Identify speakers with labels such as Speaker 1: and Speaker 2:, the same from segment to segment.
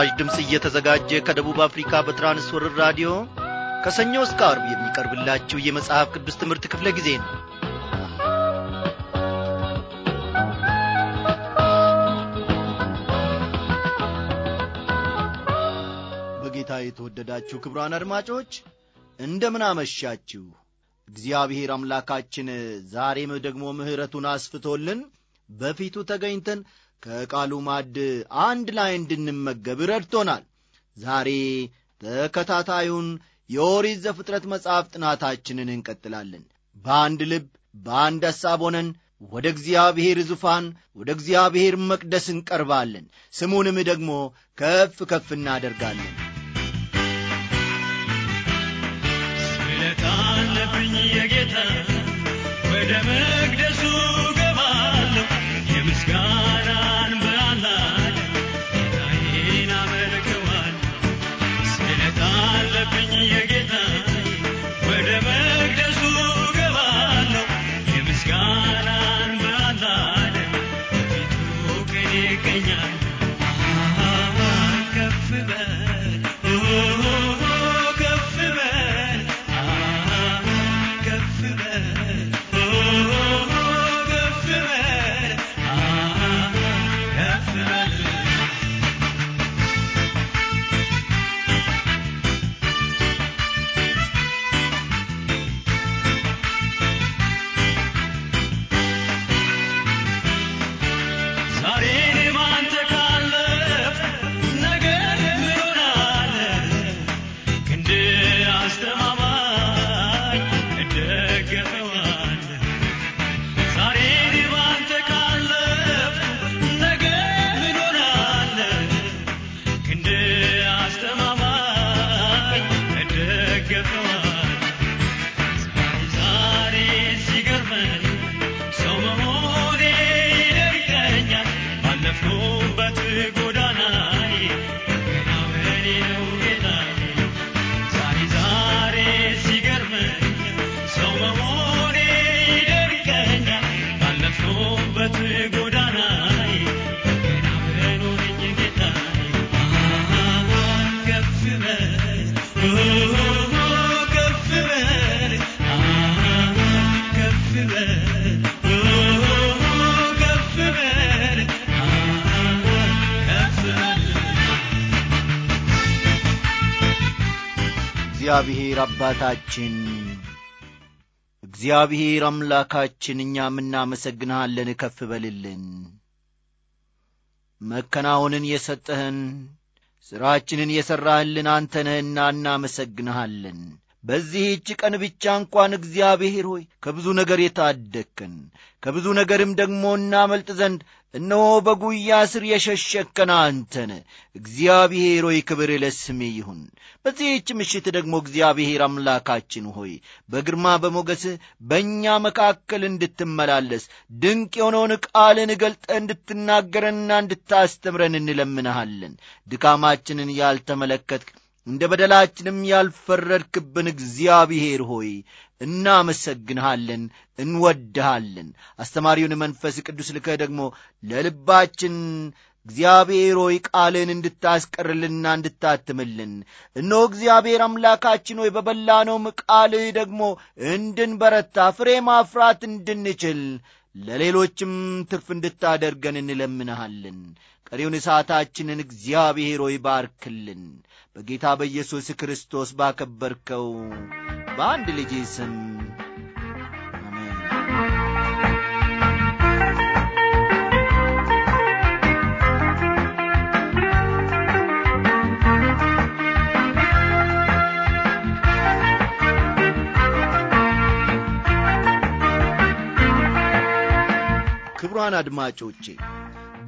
Speaker 1: ለመስራች ድምፅ እየተዘጋጀ ከደቡብ አፍሪካ በትራንስወርር ራዲዮ ከሰኞ እስከ አርብ የሚቀርብላችሁ የመጽሐፍ ቅዱስ ትምህርት ክፍለ ጊዜ ነው በጌታ የተወደዳችሁ ክብሯን አድማጮች እንደምን አመሻችሁ እግዚአብሔር አምላካችን ዛሬም ደግሞ ምሕረቱን አስፍቶልን በፊቱ ተገኝተን ከቃሉ ማድ አንድ ላይ እንድንመገብ ረድቶናል። ዛሬ ተከታታዩን የኦሪት ዘፍጥረት መጽሐፍ ጥናታችንን እንቀጥላለን። በአንድ ልብ በአንድ ሐሳብ ሆነን ወደ እግዚአብሔር ዙፋን ወደ እግዚአብሔር መቅደስ እንቀርባለን። ስሙንም ደግሞ ከፍ ከፍ እናደርጋለን።
Speaker 2: ስለታለብኝ የጌታ ወደ መቅደሱ you get
Speaker 1: እግዚአብሔር አባታችን እግዚአብሔር አምላካችን እኛም እናመሰግንሃለን ከፍ በልልን መከናውንን የሰጠህን ሥራችንን የሠራህልን አንተነህና እናመሰግንሃለን በዚህች ቀን ብቻ እንኳን እግዚአብሔር ሆይ ከብዙ ነገር የታደግከን ከብዙ ነገርም ደግሞ እናመልጥ ዘንድ እነሆ በጉያ ስር የሸሸከን አንተነ እግዚአብሔር ሆይ ክብር ለስሜ ይሁን። በዚህች ምሽት ደግሞ እግዚአብሔር አምላካችን ሆይ በግርማ በሞገስህ በእኛ መካከል እንድትመላለስ ድንቅ የሆነውን ቃልን እገልጠ እንድትናገረንና እንድታስተምረን እንለምንሃለን። ድካማችንን ያልተመለከትክ እንደ በደላችንም ያልፈረድክብን እግዚአብሔር ሆይ እናመሰግንሃለን፣ እንወድሃለን። አስተማሪውን መንፈስ ቅዱስ ልከህ ደግሞ ለልባችን እግዚአብሔር ሆይ ቃልን እንድታስቀርልና እንድታትምልን እነሆ እግዚአብሔር አምላካችን ሆይ በበላነውም ቃልህ ደግሞ እንድንበረታ ፍሬ ማፍራት እንድንችል ለሌሎችም ትርፍ እንድታደርገን እንለምንሃለን ቀሪውን ሰዓታችንን እግዚአብሔር ሆይ ባርክልን። በጌታ በኢየሱስ ክርስቶስ ባከበርከው በአንድ ልጅ ስም ክቡራን አድማጮቼ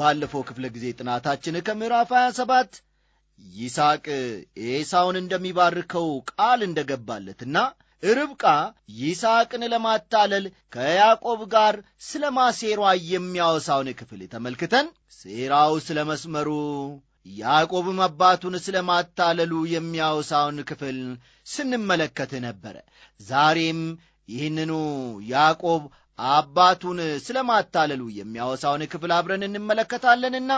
Speaker 1: ባለፈው ክፍለ ጊዜ ጥናታችን ከምዕራፍ 27 ይስቅ ኤሳውን እንደሚባርከው ቃል እንደገባለትና ርብቃ ይስቅን ለማታለል ከያዕቆብ ጋር ስለ ማሴሯ የሚያወሳውን ክፍል ተመልክተን ሴራው ስለ መስመሩ ያዕቆብም አባቱን ስለ ማታለሉ የሚያወሳውን ክፍል ስንመለከት ነበረ። ዛሬም ይህንኑ ያዕቆብ አባቱን ስለ ማታለሉ የሚያወሳውን ክፍል አብረን እንመለከታለንና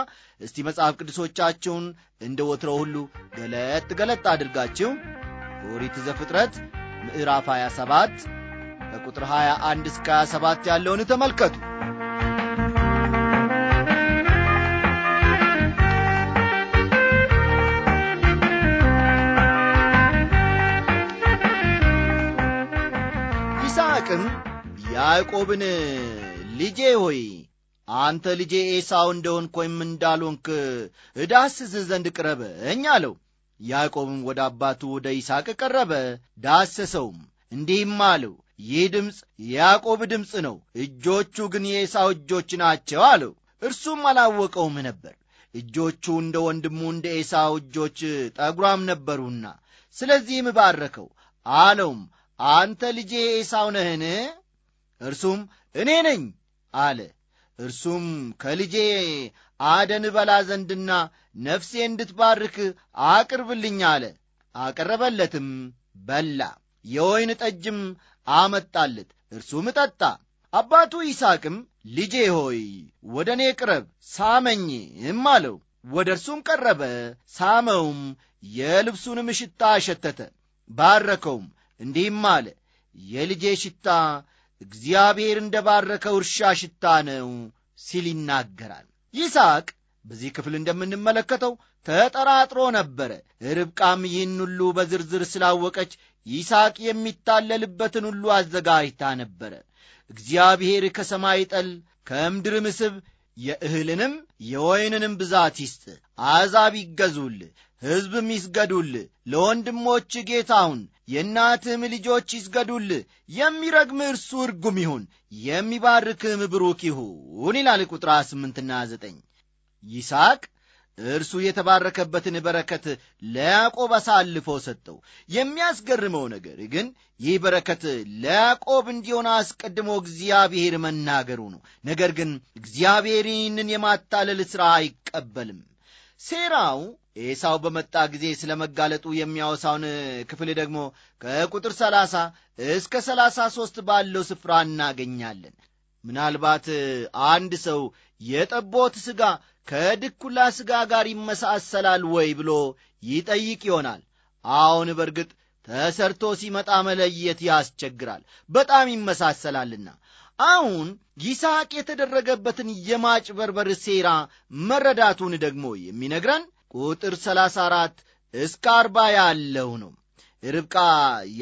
Speaker 1: እስቲ መጽሐፍ ቅዱሶቻችሁን እንደ ወትረው ሁሉ ገለጥ ገለጥ አድርጋችሁ ኦሪት ዘፍጥረት ምዕራፍ 27 ከቁጥር 21 እስከ 27 ያለውን ተመልከቱ ያዕቆብን ልጄ ሆይ አንተ ልጄ ኤሳው እንደሆንክ ወይም እንዳልሆንክ እዳስስህ ዘንድ ቅረበኝ አለው። ያዕቆብም ወደ አባቱ ወደ ይስሐቅ ቀረበ፣ ዳሰሰውም፣ እንዲህም አለው ይህ ድምፅ የያዕቆብ ድምፅ ነው፣ እጆቹ ግን የኤሳው እጆች ናቸው አለው። እርሱም አላወቀውም ነበር፣ እጆቹ እንደ ወንድሙ እንደ ኤሳው እጆች ጠጉራም ነበሩና። ስለዚህም ባረከው አለውም፣ አንተ ልጄ ኤሳው ነህን? እርሱም እኔ ነኝ አለ። እርሱም ከልጄ አደን በላ ዘንድና ነፍሴ እንድትባርክ አቅርብልኝ አለ። አቀረበለትም፣ በላ። የወይን ጠጅም አመጣለት፣ እርሱም ጠጣ። አባቱ ይስቅም ልጄ ሆይ ወደ እኔ ቅረብ ሳመኝም አለው። ወደ እርሱም ቀረበ፣ ሳመውም፣ የልብሱንም ሽታ አሸተተ፣ ባረከውም፣ እንዲህም አለ የልጄ ሽታ እግዚአብሔር እንደ ባረከው እርሻ ሽታ ነው ሲል ይናገራል። ይስሐቅ በዚህ ክፍል እንደምንመለከተው ተጠራጥሮ ነበረ። ርብቃም ይህን ሁሉ በዝርዝር ስላወቀች ይስሐቅ የሚታለልበትን ሁሉ አዘጋጅታ ነበረ። እግዚአብሔር ከሰማይ ጠል ከምድር ምስብ የእህልንም የወይንንም ብዛት ይስጥ፣ አሕዛብ ይገዙል፣ ሕዝብም ይስገዱል፣ ለወንድሞች ጌታውን የእናትህም ልጆች ይስገዱል። የሚረግም እርሱ ርጉም ይሁን፣ የሚባርክህም ብሩክ ይሁን ይላል ቁጥር ስምንትና ዘጠኝ ይስሐቅ እርሱ የተባረከበትን በረከት ለያዕቆብ አሳልፎ ሰጠው። የሚያስገርመው ነገር ግን ይህ በረከት ለያዕቆብ እንዲሆን አስቀድሞ እግዚአብሔር መናገሩ ነው። ነገር ግን እግዚአብሔር ይህንን የማታለል ሥራ አይቀበልም። ሴራው ኤሳው በመጣ ጊዜ ስለ መጋለጡ የሚያወሳውን ክፍል ደግሞ ከቁጥር 30 እስከ 33 ባለው ስፍራ እናገኛለን። ምናልባት አንድ ሰው የጠቦት ሥጋ ከድኩላ ሥጋ ጋር ይመሳሰላል ወይ ብሎ ይጠይቅ ይሆናል። አሁን በርግጥ ተሰርቶ ሲመጣ መለየት ያስቸግራል፣ በጣም ይመሳሰላልና አሁን ይስሐቅ የተደረገበትን የማጭበርበር ሴራ መረዳቱን ደግሞ የሚነግረን ቁጥር 34 እስከ 40 ያለው ነው። ርብቃ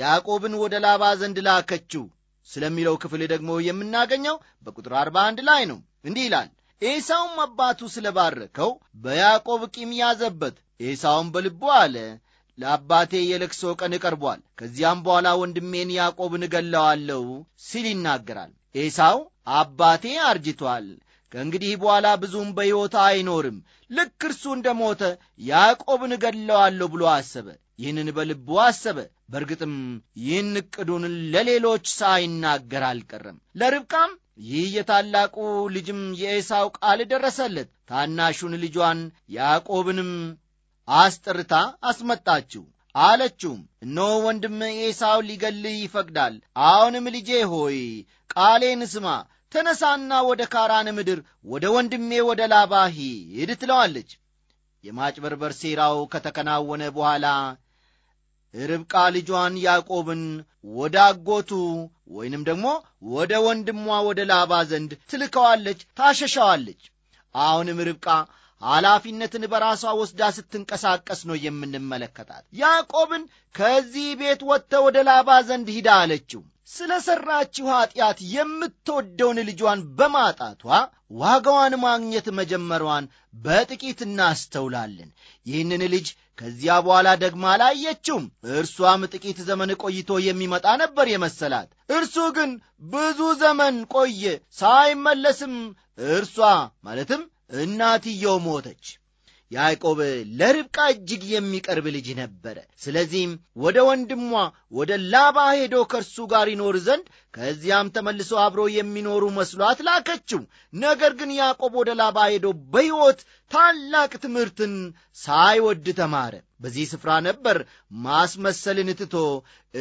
Speaker 1: ያዕቆብን ወደ ላባ ዘንድ ላከችው ስለሚለው ክፍል ደግሞ የምናገኘው በቁጥር 41 ላይ ነው። እንዲህ ይላል ኤሳውም አባቱ ስለ ባረከው በያዕቆብ ቂም ያዘበት። ኤሳውም በልቡ አለ ለአባቴ የለቅሶ ቀን ቀርቧል፣ ከዚያም በኋላ ወንድሜን ያዕቆብን እገለዋለሁ ሲል ይናገራል። ኤሳው አባቴ አርጅቷል፣ ከእንግዲህ በኋላ ብዙም በሕይወት አይኖርም፣ ልክ እርሱ እንደ ሞተ ያዕቆብን እገድለዋለሁ ብሎ አሰበ። ይህንን በልቡ አሰበ። በእርግጥም ይህን ዕቅዱን ለሌሎች ሳይናገር አልቀረም። ለርብቃም ይህ የታላቁ ልጅም የኤሳው ቃል ደረሰለት። ታናሹን ልጇን ያዕቆብንም አስጠርታ አስመጣችው። አለችውም። እነሆ ወንድም ኤሳው ሊገልህ ይፈቅዳል። አሁንም ልጄ ሆይ ቃሌን ስማ፣ ተነሳና ወደ ካራን ምድር ወደ ወንድሜ ወደ ላባ ሂድ ትለዋለች። የማጭበርበር ሴራው ከተከናወነ በኋላ ርብቃ ልጇን ያዕቆብን ወደ አጎቱ ወይንም ደግሞ ወደ ወንድሟ ወደ ላባ ዘንድ ትልከዋለች፣ ታሸሻዋለች። አሁንም ርብቃ ኃላፊነትን በራሷ ወስዳ ስትንቀሳቀስ ነው የምንመለከታት። ያዕቆብን ከዚህ ቤት ወጥተ ወደ ላባ ዘንድ ሂዳ አለችው። ስለ ሠራችው ኀጢአት የምትወደውን ልጇን በማጣቷ ዋጋዋን ማግኘት መጀመሯን በጥቂት እናስተውላለን። ይህንን ልጅ ከዚያ በኋላ ደግማ አላየችውም። እርሷም ጥቂት ዘመን ቆይቶ የሚመጣ ነበር የመሰላት። እርሱ ግን ብዙ ዘመን ቆየ፣ ሳይመለስም እርሷ ማለትም እናትየው ሞተች። ያዕቆብ ለርብቃ እጅግ የሚቀርብ ልጅ ነበረ። ስለዚህም ወደ ወንድሟ ወደ ላባ ሄዶ ከእርሱ ጋር ይኖር ዘንድ ከዚያም ተመልሶ አብሮ የሚኖሩ መስሏት ላከችው። ነገር ግን ያዕቆብ ወደ ላባ ሄዶ በሕይወት ታላቅ ትምህርትን ሳይወድ ተማረ። በዚህ ስፍራ ነበር ማስመሰልን ትቶ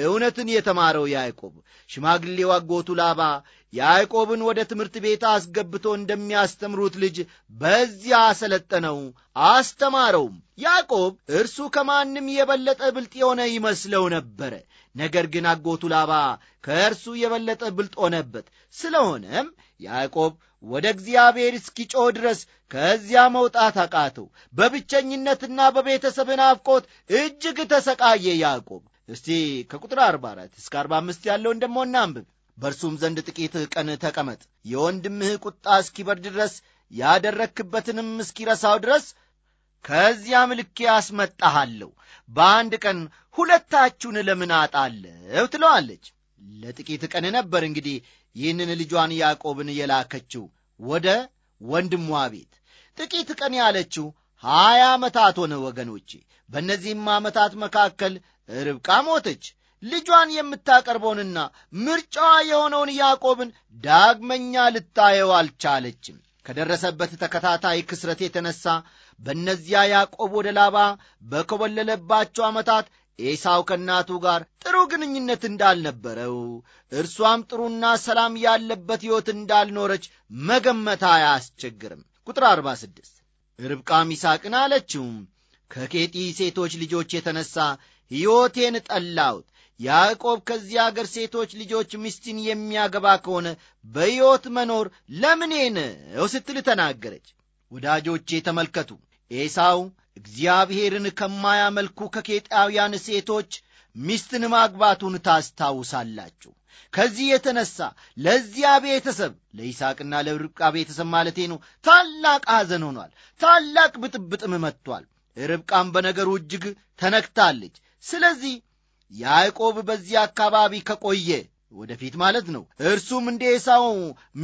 Speaker 1: እውነትን የተማረው ያዕቆብ። ሽማግሌው አጎቱ ላባ ያዕቆብን ወደ ትምህርት ቤት አስገብቶ እንደሚያስተምሩት ልጅ በዚያ አሰለጠነው፣ አስተማረውም። ያዕቆብ እርሱ ከማንም የበለጠ ብልጥ የሆነ ይመስለው ነበረ። ነገር ግን አጎቱ ላባ ከእርሱ የበለጠ ብልጥ ሆነበት። ስለሆነም ያዕቆብ ወደ እግዚአብሔር እስኪጮህ ድረስ ከዚያ መውጣት አቃተው። በብቸኝነትና በቤተሰብ ናፍቆት እጅግ ተሰቃየ ያዕቆብ። እስቲ ከቁጥር 44 እስከ 45 ያለውን ደሞ እናንብብ። በእርሱም ዘንድ ጥቂት ቀን ተቀመጥ፣ የወንድምህ ቁጣ እስኪበርድ ድረስ ያደረክበትንም እስኪረሳው ድረስ ከዚያ ምልኬ አስመጣሃለሁ። በአንድ ቀን ሁለታችሁን ለምን አጣለሁ ትለዋለች። ለጥቂት ቀን ነበር እንግዲህ ይህንን ልጇን ያዕቆብን የላከችው ወደ ወንድሟ ቤት። ጥቂት ቀን ያለችው ሀያ ዓመታት ሆነ ወገኖቼ። በእነዚህም ዓመታት መካከል ርብቃ ሞተች። ልጇን የምታቀርበውንና ምርጫዋ የሆነውን ያዕቆብን ዳግመኛ ልታየው አልቻለችም። ከደረሰበት ተከታታይ ክስረት የተነሳ በእነዚያ ያዕቆብ ወደ ላባ በኮበለለባቸው ዓመታት ኤሳው ከእናቱ ጋር ጥሩ ግንኙነት እንዳልነበረው እርሷም ጥሩና ሰላም ያለበት ሕይወት እንዳልኖረች መገመት አያስቸግርም። ቁጥር 46 ርብቃም ይስሐቅን አለችውም ከኬጢ ሴቶች ልጆች የተነሣ ሕይወቴን ጠላሁት ያዕቆብ ከዚያ አገር ሴቶች ልጆች ሚስትን የሚያገባ ከሆነ በሕይወት መኖር ለምኔ ነው ስትል ተናገረች። ወዳጆቼ ተመልከቱ፣ ኤሳው እግዚአብሔርን ከማያመልኩ ከኬጣውያን ሴቶች ሚስትን ማግባቱን ታስታውሳላችሁ። ከዚህ የተነሳ ለዚያ ቤተሰብ ለይስሐቅና ለርብቃ ቤተሰብ ማለቴ ነው ታላቅ ሐዘን ሆኗል። ታላቅ ብጥብጥም መጥቷል። ርብቃም በነገሩ እጅግ ተነክታለች። ስለዚህ ያዕቆብ በዚህ አካባቢ ከቆየ ወደፊት ማለት ነው። እርሱም እንደ ኤሳው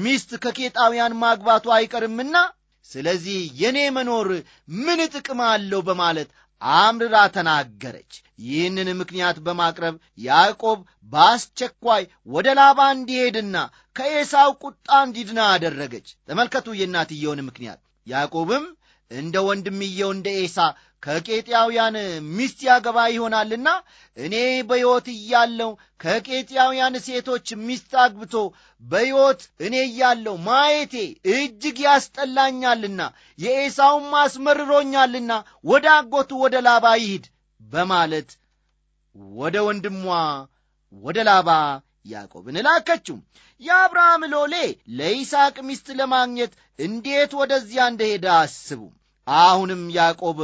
Speaker 1: ሚስት ከኬጣውያን ማግባቱ አይቀርምና ስለዚህ የእኔ መኖር ምን ጥቅም አለው በማለት አምርራ ተናገረች። ይህንን ምክንያት በማቅረብ ያዕቆብ በአስቸኳይ ወደ ላባ እንዲሄድና ከኤሳው ቁጣ እንዲድና አደረገች። ተመልከቱ የእናትየውን ምክንያት። ያዕቆብም እንደ ወንድምየው እንደ ኤሳ ከቄጥያውያን ሚስት ያገባ ይሆናልና እኔ በሕይወት እያለው ከቄጥያውያን ሴቶች ሚስት አግብቶ በሕይወት እኔ እያለው ማየቴ እጅግ ያስጠላኛልና የኤሳውም አስመርሮኛልና ወደ አጎቱ ወደ ላባ ይሂድ በማለት ወደ ወንድሟ ወደ ላባ ያዕቆብን ላከችው። የአብርሃም ሎሌ ለይስሐቅ ሚስት ለማግኘት እንዴት ወደዚያ እንደሄደ አስቡ። አሁንም ያዕቆብ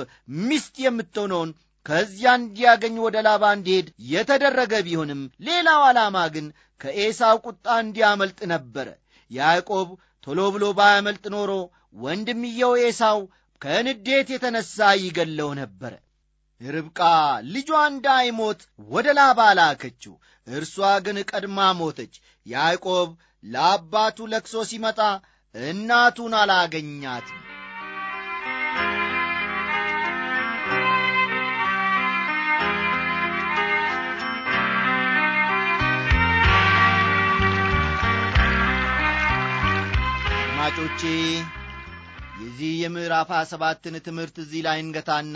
Speaker 1: ሚስት የምትሆነውን ከዚያ እንዲያገኝ ወደ ላባ እንዲሄድ የተደረገ ቢሆንም ሌላው ዓላማ ግን ከኤሳው ቁጣ እንዲያመልጥ ነበረ። ያዕቆብ ቶሎ ብሎ ባያመልጥ ኖሮ ወንድምየው ኤሳው ከንዴት የተነሣ ይገለው ነበረ። ርብቃ ልጇ እንዳይሞት ወደ ላባ ላከችው። እርሷ ግን ቀድማ ሞተች። ያዕቆብ ለአባቱ ለቅሶ ሲመጣ እናቱን አላገኛትም። አድማጮቼ የዚህ የምዕራፍ ሃያ ሰባትን ትምህርት እዚህ ላይ እንገታና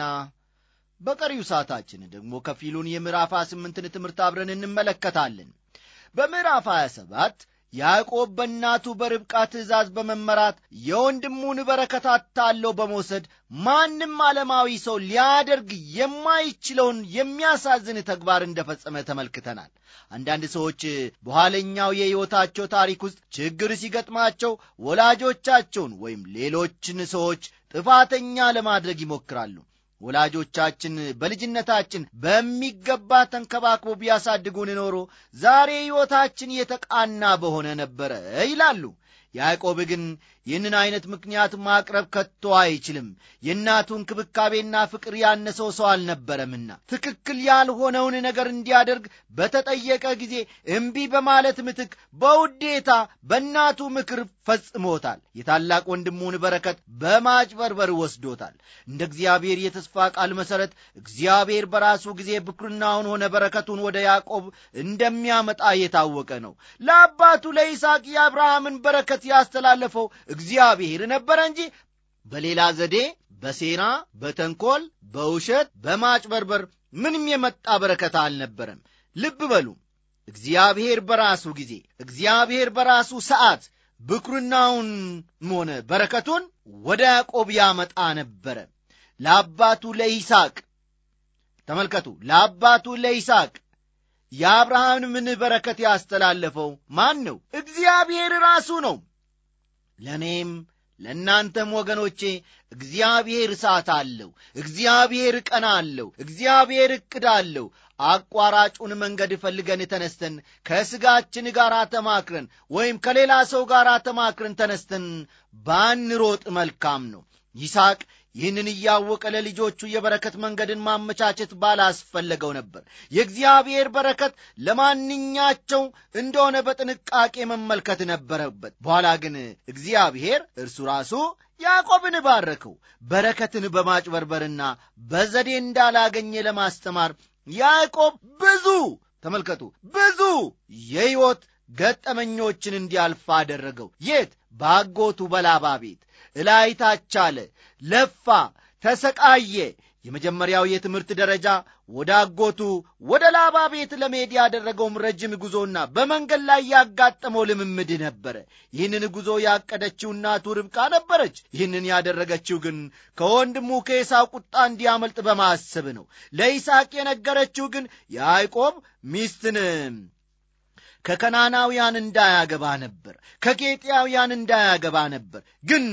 Speaker 1: በቀሪው ሰዓታችን ደግሞ ከፊሉን የምዕራፍ ሃያ ስምንትን ትምህርት አብረን እንመለከታለን። በምዕራፍ 27 ያዕቆብ በእናቱ በርብቃ ትእዛዝ በመመራት የወንድሙን በረከት አታለው በመውሰድ ማንም ዓለማዊ ሰው ሊያደርግ የማይችለውን የሚያሳዝን ተግባር ፈጸመ ተመልክተናል። አንዳንድ ሰዎች በኋለኛው የሕይወታቸው ታሪክ ውስጥ ችግር ሲገጥማቸው ወላጆቻቸውን ወይም ሌሎችን ሰዎች ጥፋተኛ ለማድረግ ይሞክራሉ። ወላጆቻችን በልጅነታችን በሚገባ ተንከባክቦ ቢያሳድጉን ኖሮ ዛሬ ሕይወታችን የተቃና በሆነ ነበረ ይላሉ። ያዕቆብ ግን ይህንን ዐይነት ምክንያት ማቅረብ ከቶ አይችልም። የእናቱ እንክብካቤና ፍቅር ያነሰው ሰው አልነበረምና ትክክል ያልሆነውን ነገር እንዲያደርግ በተጠየቀ ጊዜ እምቢ በማለት ምትክ በውዴታ በእናቱ ምክር ፈጽሞታል። የታላቅ ወንድሙን በረከት በማጭበርበር ወስዶታል። እንደ እግዚአብሔር የተስፋ ቃል መሠረት እግዚአብሔር በራሱ ጊዜ ብኩርናውን ሆነ በረከቱን ወደ ያዕቆብ እንደሚያመጣ የታወቀ ነው። ለአባቱ ለይስሐቅ የአብርሃምን በረከት ያስተላለፈው እግዚአብሔር ነበረ እንጂ በሌላ ዘዴ፣ በሴራ፣ በተንኮል፣ በውሸት፣ በማጭበርበር ምንም የመጣ በረከት አልነበረም። ልብ በሉ እግዚአብሔር በራሱ ጊዜ እግዚአብሔር በራሱ ሰዓት ብኩርናውን ሆነ በረከቱን ወደ ያዕቆብ ያመጣ ነበረ ለአባቱ ለይስቅ ተመልከቱ፣ ለአባቱ ለይስሐቅ የአብርሃምን በረከት ያስተላለፈው ማን ነው? እግዚአብሔር ራሱ ነው። ለእኔም ለእናንተም ወገኖቼ እግዚአብሔር እሳት አለው፣ እግዚአብሔር ቀና አለው፣ እግዚአብሔር እቅድ አለው። አቋራጩን መንገድ ፈልገን ተነስተን ከሥጋችን ጋር ተማክረን ወይም ከሌላ ሰው ጋር ተማክረን ተነስተን ባንሮጥ መልካም ነው። ይስቅ ይህንን እያወቀ ለልጆቹ የበረከት መንገድን ማመቻቸት ባላስፈለገው ነበር። የእግዚአብሔር በረከት ለማንኛቸው እንደሆነ በጥንቃቄ መመልከት ነበረበት። በኋላ ግን እግዚአብሔር እርሱ ራሱ ያዕቆብን ባረከው። በረከትን በማጭበርበርና በዘዴ እንዳላገኘ ለማስተማር ያዕቆብ ብዙ ተመልከቱ፣ ብዙ የሕይወት ገጠመኞችን እንዲያልፍ አደረገው። የት? ባጎቱ በላባ ቤት እላይታቻለ ለፋ፣ ተሰቃየ። የመጀመሪያው የትምህርት ደረጃ ወደ አጎቱ ወደ ላባ ቤት ለመሄድ ያደረገውም ረጅም ጉዞና በመንገድ ላይ ያጋጠመው ልምምድ ነበረ። ይህንን ጉዞ ያቀደችው እናቱ ርብቃ ነበረች። ይህንን ያደረገችው ግን ከወንድሙ ከኤሳው ቁጣ እንዲያመልጥ በማሰብ ነው። ለይስሐቅ የነገረችው ግን ያዕቆብ ሚስትንም ከከናናውያን እንዳያገባ ነበር፣ ከኬጢያውያን እንዳያገባ ነበር። ግን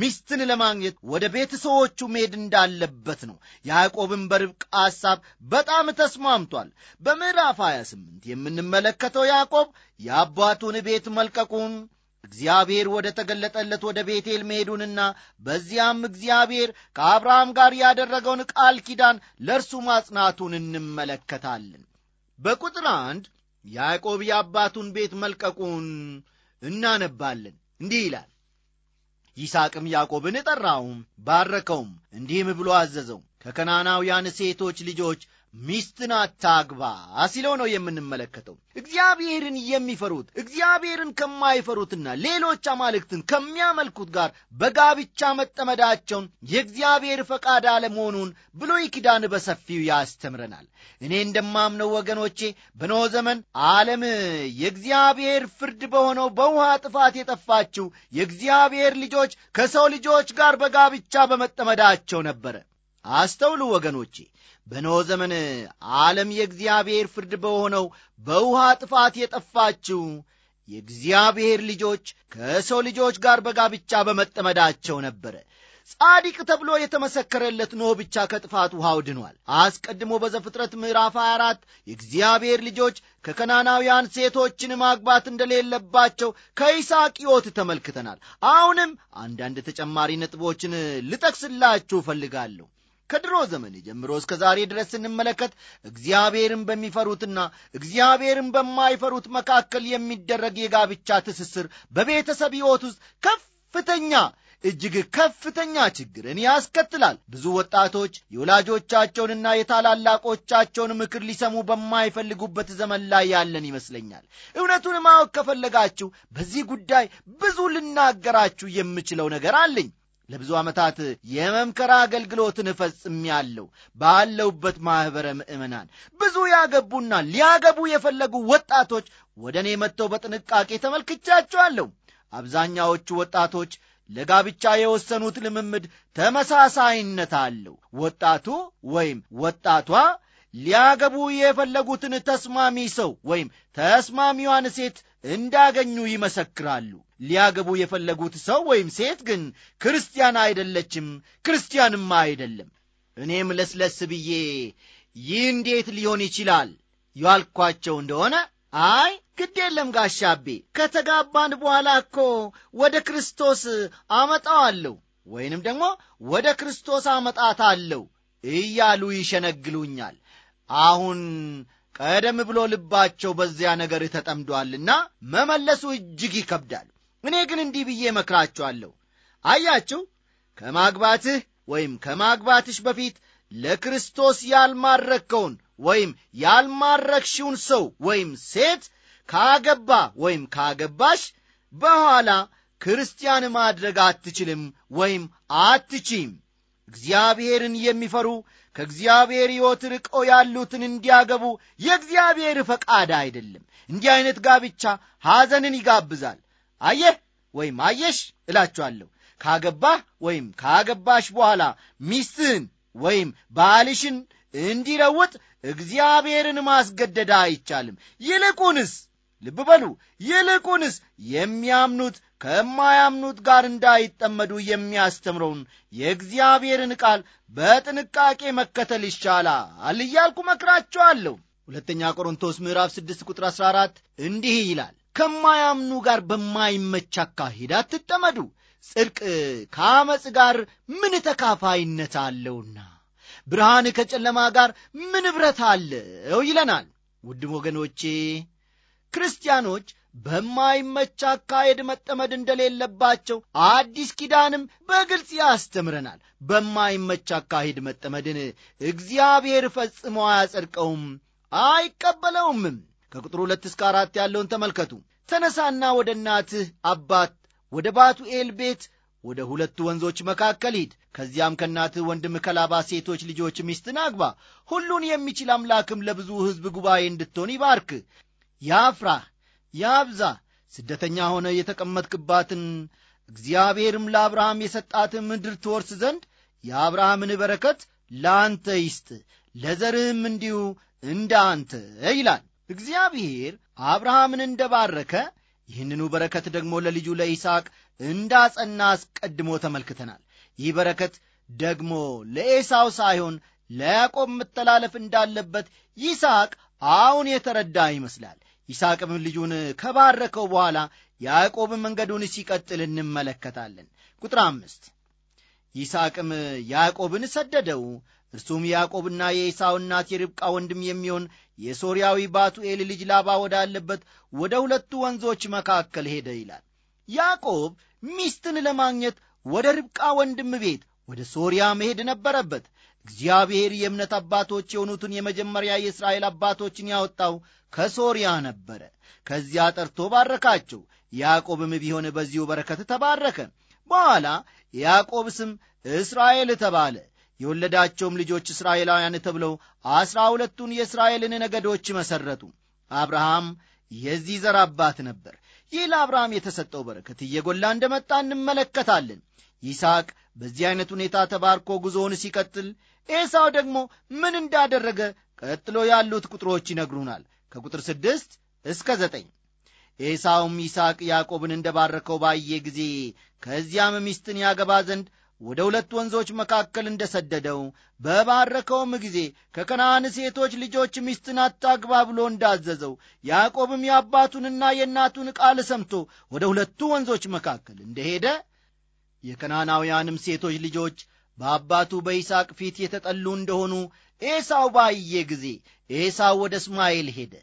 Speaker 1: ሚስትን ለማግኘት ወደ ቤተ ሰዎቹ መሄድ እንዳለበት ነው። ያዕቆብን በርብቃ ሐሳብ በጣም ተስማምቷል። በምዕራፍ 28 የምንመለከተው ያዕቆብ የአባቱን ቤት መልቀቁን እግዚአብሔር ወደ ተገለጠለት ወደ ቤቴል መሄዱንና በዚያም እግዚአብሔር ከአብርሃም ጋር ያደረገውን ቃል ኪዳን ለእርሱ ማጽናቱን እንመለከታለን። በቁጥር አንድ ያዕቆብ የአባቱን ቤት መልቀቁን እናነባለን። እንዲህ ይላል ይስቅም ያዕቆብን ጠራውም ባረከውም፣ እንዲህም ብሎ አዘዘው ከከናናውያን ሴቶች ልጆች ሚስትን አታግባ ሲለው ነው የምንመለከተው። እግዚአብሔርን የሚፈሩት እግዚአብሔርን ከማይፈሩትና ሌሎች አማልክትን ከሚያመልኩት ጋር በጋብቻ መጠመዳቸውን የእግዚአብሔር ፈቃድ አለመሆኑን ብሉይ ኪዳን በሰፊው ያስተምረናል። እኔ እንደማምነው ወገኖቼ፣ በኖህ ዘመን ዓለም የእግዚአብሔር ፍርድ በሆነው በውሃ ጥፋት የጠፋችው የእግዚአብሔር ልጆች ከሰው ልጆች ጋር በጋብቻ በመጠመዳቸው ነበረ። አስተውሉ ወገኖቼ በኖ ዘመን ዓለም የእግዚአብሔር ፍርድ በሆነው በውሃ ጥፋት የጠፋችው የእግዚአብሔር ልጆች ከሰው ልጆች ጋር በጋብቻ በመጠመዳቸው ነበረ ጻዲቅ ተብሎ የተመሰከረለት ኖ ብቻ ከጥፋት ውሃው ድኗል። አስቀድሞ በዘፍጥረት ምዕራፍ 24 የእግዚአብሔር ልጆች ከከናናውያን ሴቶችን ማግባት እንደሌለባቸው ከይስሐቅ ተመልክተናል። አሁንም አንዳንድ ተጨማሪ ነጥቦችን ልጠቅስላችሁ እፈልጋለሁ። ከድሮ ዘመን ጀምሮ እስከ ዛሬ ድረስ ስንመለከት እግዚአብሔርን በሚፈሩትና እግዚአብሔርን በማይፈሩት መካከል የሚደረግ የጋብቻ ትስስር በቤተሰብ ሕይወት ውስጥ ከፍተኛ እጅግ ከፍተኛ ችግርን ያስከትላል። ብዙ ወጣቶች የወላጆቻቸውንና የታላላቆቻቸውን ምክር ሊሰሙ በማይፈልጉበት ዘመን ላይ ያለን ይመስለኛል። እውነቱን ማወቅ ከፈለጋችሁ በዚህ ጉዳይ ብዙ ልናገራችሁ የምችለው ነገር አለኝ። ለብዙ ዓመታት የመምከራ አገልግሎትን እፈጽም ያለው ባለውበት ማኅበረ ምእመናን ብዙ ያገቡና ሊያገቡ የፈለጉ ወጣቶች ወደ እኔ መጥተው በጥንቃቄ ተመልክቻቸዋለሁ። አብዛኛዎቹ ወጣቶች ለጋብቻ የወሰኑት ልምምድ ተመሳሳይነት አለው። ወጣቱ ወይም ወጣቷ ሊያገቡ የፈለጉትን ተስማሚ ሰው ወይም ተስማሚዋን ሴት እንዳገኙ ይመሰክራሉ። ሊያገቡ የፈለጉት ሰው ወይም ሴት ግን ክርስቲያን አይደለችም፣ ክርስቲያንም አይደለም። እኔም ለስለስ ብዬ ይህ እንዴት ሊሆን ይችላል ያልኳቸው እንደሆነ አይ ግድ የለም ጋሻቤ፣ ከተጋባን በኋላ እኮ ወደ ክርስቶስ አመጣዋለሁ ወይንም ደግሞ ወደ ክርስቶስ አመጣታለሁ እያሉ ይሸነግሉኛል። አሁን ቀደም ብሎ ልባቸው በዚያ ነገር ተጠምዷልና መመለሱ እጅግ ይከብዳል። እኔ ግን እንዲህ ብዬ መክራችኋለሁ አያችሁ ከማግባትህ ወይም ከማግባትሽ በፊት ለክርስቶስ ያልማረከውን ወይም ያልማረክሽውን ሰው ወይም ሴት ካገባ ወይም ካገባሽ በኋላ ክርስቲያን ማድረግ አትችልም ወይም አትችም። እግዚአብሔርን የሚፈሩ ከእግዚአብሔር ሕይወት ርቀው ያሉትን እንዲያገቡ የእግዚአብሔር ፈቃድ አይደለም። እንዲህ ዐይነት ጋብቻ ሐዘንን ይጋብዛል። አየህ ወይም አየሽ እላችኋለሁ ካገባህ ወይም ካገባሽ በኋላ ሚስትህን ወይም ባልሽን እንዲለውጥ እግዚአብሔርን ማስገደድ አይቻልም። ይልቁንስ ልብ በሉ፣ ይልቁንስ የሚያምኑት ከማያምኑት ጋር እንዳይጠመዱ የሚያስተምረውን የእግዚአብሔርን ቃል በጥንቃቄ መከተል ይሻላል እያልኩ መክራቸዋለሁ። ሁለተኛ ቆሮንቶስ ምዕራፍ 6 ቁጥር 14 እንዲህ ይላል፣ ከማያምኑ ጋር በማይመች አካሄድ አትጠመዱ፣ ጽድቅ ከአመፅ ጋር ምን ተካፋይነት አለውና ብርሃን ከጨለማ ጋር ምን ኅብረት አለው ይለናል። ውድም ወገኖቼ ክርስቲያኖች በማይመች አካሄድ መጠመድ እንደሌለባቸው አዲስ ኪዳንም በግልጽ ያስተምረናል። በማይመች አካሄድ መጠመድን እግዚአብሔር ፈጽሞ አያጸድቀውም፣ አይቀበለውምም። ከቁጥር ሁለት እስከ አራት ያለውን ተመልከቱ። ተነሳና ወደ እናትህ አባት ወደ ባቱኤል ቤት ወደ ሁለቱ ወንዞች መካከል ሂድ። ከዚያም ከእናትህ ወንድም ከላባ ሴቶች ልጆች ሚስትን አግባ። ሁሉን የሚችል አምላክም ለብዙ ሕዝብ ጉባኤ እንድትሆን ይባርክ። ያፍራህ ያብዛ። ስደተኛ ሆነ የተቀመጥክባትን እግዚአብሔርም ለአብርሃም የሰጣት ምድር ትወርስ ዘንድ የአብርሃምን በረከት ለአንተ ይስጥ፣ ለዘርህም እንዲሁ እንደ አንተ ይላል። እግዚአብሔር አብርሃምን እንደ ባረከ ይህንኑ በረከት ደግሞ ለልጁ ለይስሐቅ እንዳጸና አስቀድሞ ተመልክተናል። ይህ በረከት ደግሞ ለኤሳው ሳይሆን ለያዕቆብ መተላለፍ እንዳለበት ይስቅ አሁን የተረዳ ይመስላል። ይስሐቅም ልጁን ከባረከው በኋላ ያዕቆብ መንገዱን ሲቀጥል እንመለከታለን። ቁጥር አምስት ይስሐቅም ያዕቆብን ሰደደው፣ እርሱም ያዕቆብና የኤሳው እናት የርብቃ ወንድም የሚሆን የሶርያዊ ባቱኤል ልጅ ላባ ወዳለበት ወደ ሁለቱ ወንዞች መካከል ሄደ ይላል። ያዕቆብ ሚስትን ለማግኘት ወደ ርብቃ ወንድም ቤት ወደ ሶርያ መሄድ ነበረበት። እግዚአብሔር የእምነት አባቶች የሆኑትን የመጀመሪያ የእስራኤል አባቶችን ያወጣው ከሶርያ ነበረ። ከዚያ ጠርቶ ባረካቸው። ያዕቆብም ቢሆን በዚሁ በረከት ተባረከ። በኋላ ያዕቆብ ስም እስራኤል ተባለ። የወለዳቸውም ልጆች እስራኤላውያን ተብለው አስራ ሁለቱን የእስራኤልን ነገዶች መሠረቱ። አብርሃም የዚህ ዘር አባት ነበር። ይህ ለአብርሃም የተሰጠው በረከት እየጎላ እንደመጣ እንመለከታለን። ይስሐቅ በዚህ ዐይነት ሁኔታ ተባርኮ ጉዞውን ሲቀጥል ኤሳው ደግሞ ምን እንዳደረገ ቀጥሎ ያሉት ቁጥሮች ይነግሩናል። ከቁጥር ስድስት እስከ ዘጠኝ ኤሳውም ይስሐቅ ያዕቆብን እንደ ባረከው ባየ ጊዜ ከዚያም ሚስትን ያገባ ዘንድ ወደ ሁለት ወንዞች መካከል እንደ ሰደደው በባረከውም ጊዜ ከከናን ሴቶች ልጆች ሚስትን አታግባ ብሎ እንዳዘዘው ያዕቆብም የአባቱንና የእናቱን ቃል ሰምቶ ወደ ሁለቱ ወንዞች መካከል እንደሄደ የከናናውያንም ሴቶች ልጆች በአባቱ በይስቅ ፊት የተጠሉ እንደሆኑ ኤሳው ባየ ጊዜ ኤሳው ወደ እስማኤል ሄደ።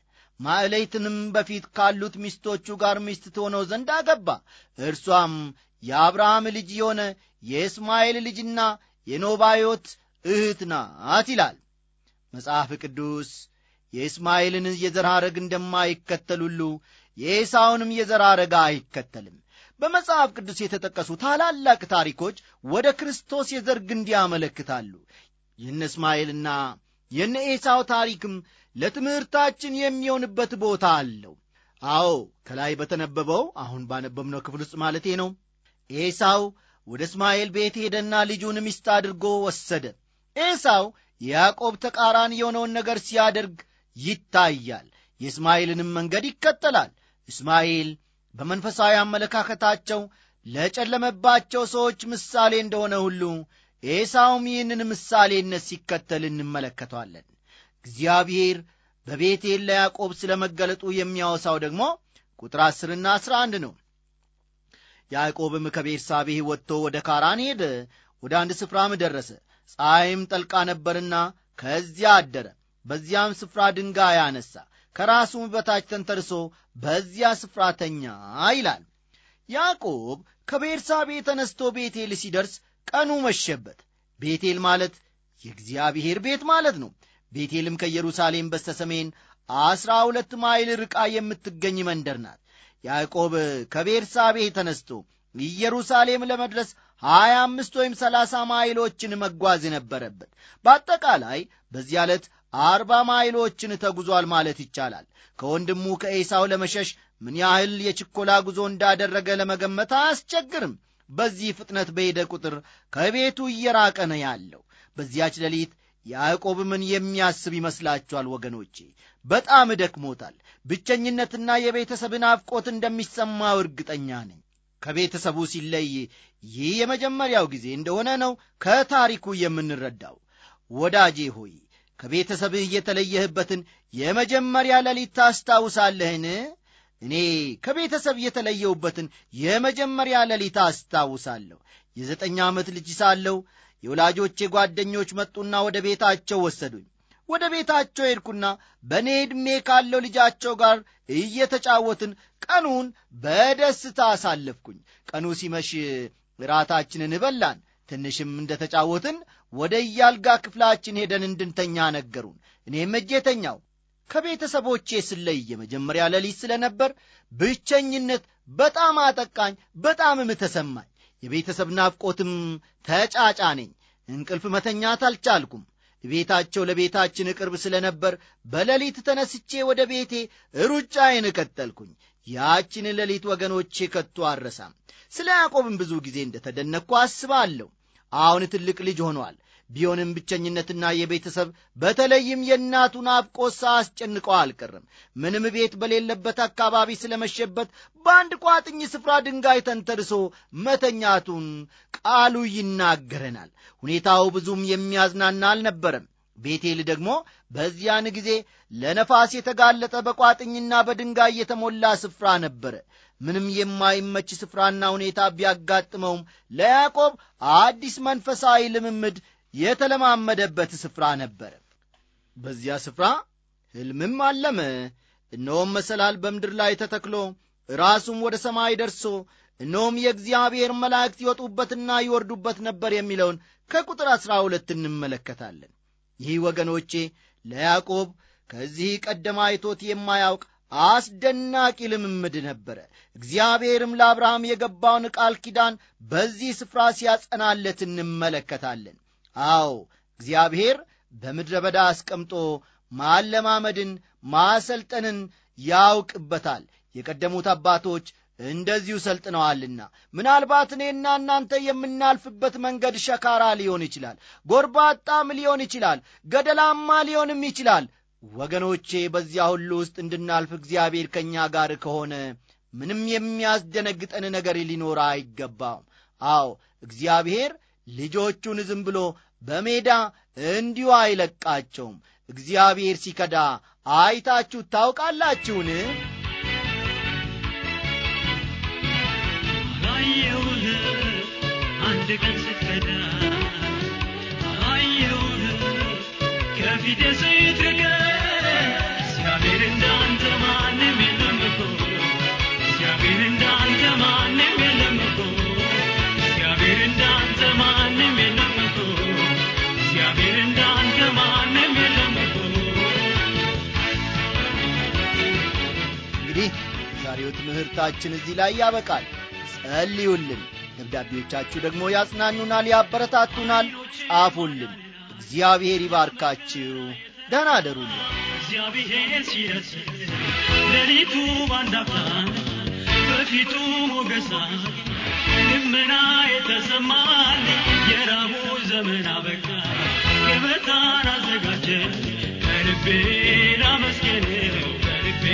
Speaker 1: ማዕለይትንም በፊት ካሉት ሚስቶቹ ጋር ሚስት ትሆነው ዘንድ አገባ። እርሷም የአብርሃም ልጅ የሆነ የእስማኤል ልጅና የኖባዮት እህት ናት ይላል መጽሐፍ ቅዱስ። የእስማኤልን የዘራረግ እንደማይከተሉሉ የኤሳውንም የዘር አይከተልም። በመጽሐፍ ቅዱስ የተጠቀሱ ታላላቅ ታሪኮች ወደ ክርስቶስ የዘር ግንድ ያመለክታሉ። የነ እስማኤልና የነ ኤሳው ታሪክም ለትምህርታችን የሚሆንበት ቦታ አለው። አዎ ከላይ በተነበበው አሁን ባነበብነው ክፍል ውስጥ ማለቴ ነው። ኤሳው ወደ እስማኤል ቤት ሄደና ልጁን ሚስት አድርጎ ወሰደ። ኤሳው የያዕቆብ ተቃራኒ የሆነውን ነገር ሲያደርግ ይታያል። የእስማኤልንም መንገድ ይከተላል። እስማኤል በመንፈሳዊ አመለካከታቸው ለጨለመባቸው ሰዎች ምሳሌ እንደሆነ ሁሉ ኤሳውም ይህንን ምሳሌነት ሲከተል እንመለከተዋለን። እግዚአብሔር በቤቴል ለያዕቆብ ስለ መገለጡ የሚያወሳው ደግሞ ቁጥር ዐሥርና ዐሥራ አንድ ነው። ያዕቆብም ከቤርሳቤህ ወጥቶ ወደ ካራን ሄደ፣ ወደ አንድ ስፍራም ደረሰ። ፀሐይም ጠልቃ ነበርና ከዚያ አደረ። በዚያም ስፍራ ድንጋይ ያነሳ ከራሱም በታች ተንተርሶ በዚያ ስፍራ ተኛ ይላል። ያዕቆብ ከቤርሳቤ ተነስቶ ቤቴል ሲደርስ ቀኑ መሸበት። ቤቴል ማለት የእግዚአብሔር ቤት ማለት ነው። ቤቴልም ከኢየሩሳሌም በስተ ሰሜን አስራ ሁለት ማይል ርቃ የምትገኝ መንደር ናት። ያዕቆብ ከቤርሳቤ ተነስቶ ኢየሩሳሌም ለመድረስ ሀያ አምስት ወይም ሰላሳ ማይሎችን መጓዝ የነበረበት። በአጠቃላይ በዚህ ዕለት አርባ ማይሎችን ተጉዟል ማለት ይቻላል። ከወንድሙ ከኤሳው ለመሸሽ ምን ያህል የችኮላ ጉዞ እንዳደረገ ለመገመት አያስቸግርም። በዚህ ፍጥነት በሄደ ቁጥር ከቤቱ እየራቀ ነው ያለው። በዚያች ሌሊት ያዕቆብ ምን የሚያስብ ይመስላችኋል ወገኖቼ? በጣም ደክሞታል። ብቸኝነትና የቤተሰብን አፍቆት እንደሚሰማው እርግጠኛ ነኝ። ከቤተሰቡ ሲለይ ይህ የመጀመሪያው ጊዜ እንደሆነ ነው ከታሪኩ የምንረዳው። ወዳጄ ሆይ ከቤተሰብህ የተለየህበትን የመጀመሪያ ሌሊት ታስታውሳለህን? እኔ ከቤተሰብ የተለየሁበትን የመጀመሪያ ሌሊት አስታውሳለሁ። የዘጠኝ ዓመት ልጅ ሳለሁ የወላጆቼ ጓደኞች መጡና ወደ ቤታቸው ወሰዱኝ። ወደ ቤታቸው ሄድኩና በእኔ ዕድሜ ካለው ልጃቸው ጋር እየተጫወትን ቀኑን በደስታ አሳለፍኩኝ። ቀኑ ሲመሽ ራታችንን በላን። ትንሽም እንደ ተጫወትን ወደ እያልጋ ክፍላችን ሄደን እንድንተኛ ነገሩን። እኔም እጄተኛው ከቤተሰቦቼ ስለይ የመጀመሪያ ሌሊት ስለ ነበር ብቸኝነት በጣም አጠቃኝ፣ በጣምም ተሰማኝ። የቤተሰብ ናፍቆትም ነኝ። እንቅልፍ መተኛት አልቻልኩም። ቤታቸው ለቤታችን ቅርብ ስለ ነበር በሌሊት ተነስቼ ወደ ቤቴ ሩጫዬን ቀጠልኩኝ። ያችን ሌሊት ወገኖቼ ከቶ አረሳም። ስለ ያዕቆብም ብዙ ጊዜ እንደተደነቅኩ አስባለሁ። አሁን ትልቅ ልጅ ሆኗል። ቢሆንም ብቸኝነትና የቤተሰብ በተለይም የእናቱ ናፍቆት ሳያስጨንቀው አልቀርም። ምንም ቤት በሌለበት አካባቢ ስለመሸበት በአንድ ቋጥኝ ስፍራ ድንጋይ ተንተርሶ መተኛቱን ቃሉ ይናገረናል። ሁኔታው ብዙም የሚያዝናና አልነበረም። ቤቴል ደግሞ በዚያን ጊዜ ለነፋስ የተጋለጠ በቋጥኝና በድንጋይ የተሞላ ስፍራ ነበረ። ምንም የማይመች ስፍራና ሁኔታ ቢያጋጥመውም ለያዕቆብ አዲስ መንፈሳዊ ልምምድ የተለማመደበት ስፍራ ነበረ። በዚያ ስፍራ ሕልምም አለመ። እነሆም መሰላል በምድር ላይ ተተክሎ ራሱም ወደ ሰማይ ደርሶ እነሆም የእግዚአብሔር መላእክት ይወጡበትና ይወርዱበት ነበር የሚለውን ከቁጥር ዐሥራ ሁለት እንመለከታለን። ይህ ወገኖቼ ለያዕቆብ ከዚህ ቀደማ አይቶት የማያውቅ አስደናቂ ልምምድ ነበረ። እግዚአብሔርም ለአብርሃም የገባውን ቃል ኪዳን በዚህ ስፍራ ሲያጸናለት እንመለከታለን። አዎ እግዚአብሔር በምድረ በዳ አስቀምጦ ማለማመድን ማሰልጠንን ያውቅበታል። የቀደሙት አባቶች እንደዚሁ ሰልጥነዋልና ምናልባት እኔና እናንተ የምናልፍበት መንገድ ሸካራ ሊሆን ይችላል፣ ጎርባጣም ሊሆን ይችላል፣ ገደላማ ሊሆንም ይችላል። ወገኖቼ በዚያ ሁሉ ውስጥ እንድናልፍ እግዚአብሔር ከእኛ ጋር ከሆነ ምንም የሚያስደነግጠን ነገር ሊኖር አይገባም አዎ እግዚአብሔር ልጆቹን ዝም ብሎ በሜዳ እንዲሁ አይለቃቸውም እግዚአብሔር ሲከዳ አይታችሁ ታውቃላችሁን አንድ ቀን ስትከዳ እንግዲህ የዛሬው ትምህርታችን እዚህ ላይ ያበቃል ጸልዩልን ደብዳቤዎቻችሁ ደግሞ ያጽናኑናል ያበረታቱናል ጻፉልን እግዚአብሔር ይባርካችሁ ደና አደሩልን
Speaker 2: እግዚአብሔር ሲረስ ሌሊቱ ባንዳፍታን በፊቱ ሞገሳ ልመና የተሰማል የራቡ ዘመን አበቃ ገበታን አዘጋጀ ከልቤ ላመስገን ከልቤ